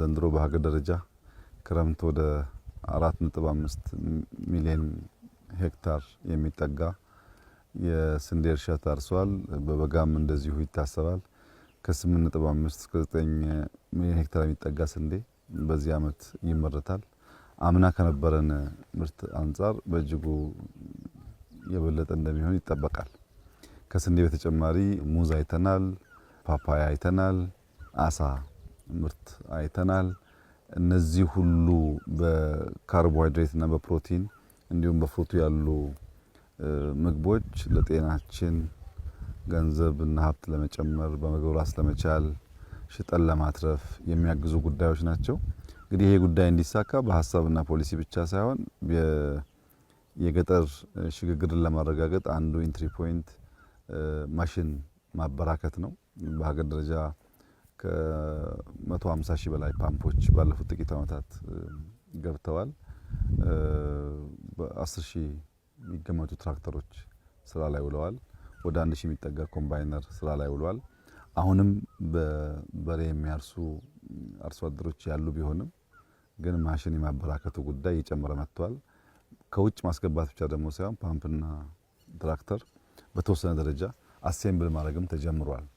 ዘንድሮ በሀገር ደረጃ ክረምት ወደ አራት ነጥብ አምስት ሚሊዮን ሄክታር የሚጠጋ የስንዴ እርሻ ታርሷል። በበጋም እንደዚሁ ይታሰባል ከስምንት ነጥብ አምስት እስከ ዘጠኝ ሚሊዮን ሄክታር የሚጠጋ ስንዴ በዚህ አመት ይመረታል። አምና ከነበረን ምርት አንጻር በእጅጉ የበለጠ እንደሚሆን ይጠበቃል። ከስንዴ በተጨማሪ ሙዝ አይተናል፣ ፓፓያ አይተናል፣ አሳ ምርት አይተናል። እነዚህ ሁሉ በካርቦሃይድሬት እና በፕሮቲን እንዲሁም በፍሩቱ ያሉ ምግቦች ለጤናችን ገንዘብ እና ሀብት ለመጨመር በምግብ ራስ ለመቻል ሽጠን ለማትረፍ የሚያግዙ ጉዳዮች ናቸው። እንግዲህ ይሄ ጉዳይ እንዲሳካ በሀሳብና ፖሊሲ ብቻ ሳይሆን የገጠር ሽግግርን ለማረጋገጥ አንዱ ኢንትሪ ፖይንት ማሽን ማበራከት ነው በሀገር ደረጃ ከ150 ሺህ በላይ ፓምፖች ባለፉት ጥቂት ዓመታት ገብተዋል። በ10 ሺህ የሚገመቱ ትራክተሮች ስራ ላይ ውለዋል። ወደ አንድ ሺህ የሚጠጋ ኮምባይነር ስራ ላይ ውለዋል። አሁንም በበሬ የሚያርሱ አርሶ አደሮች ያሉ ቢሆንም ግን ማሽን የማበራከቱ ጉዳይ እየጨመረ መጥቷል። ከውጭ ማስገባት ብቻ ደግሞ ሳይሆን ፓምፕና ትራክተር በተወሰነ ደረጃ አሴምብል ማድረግም ተጀምሯል።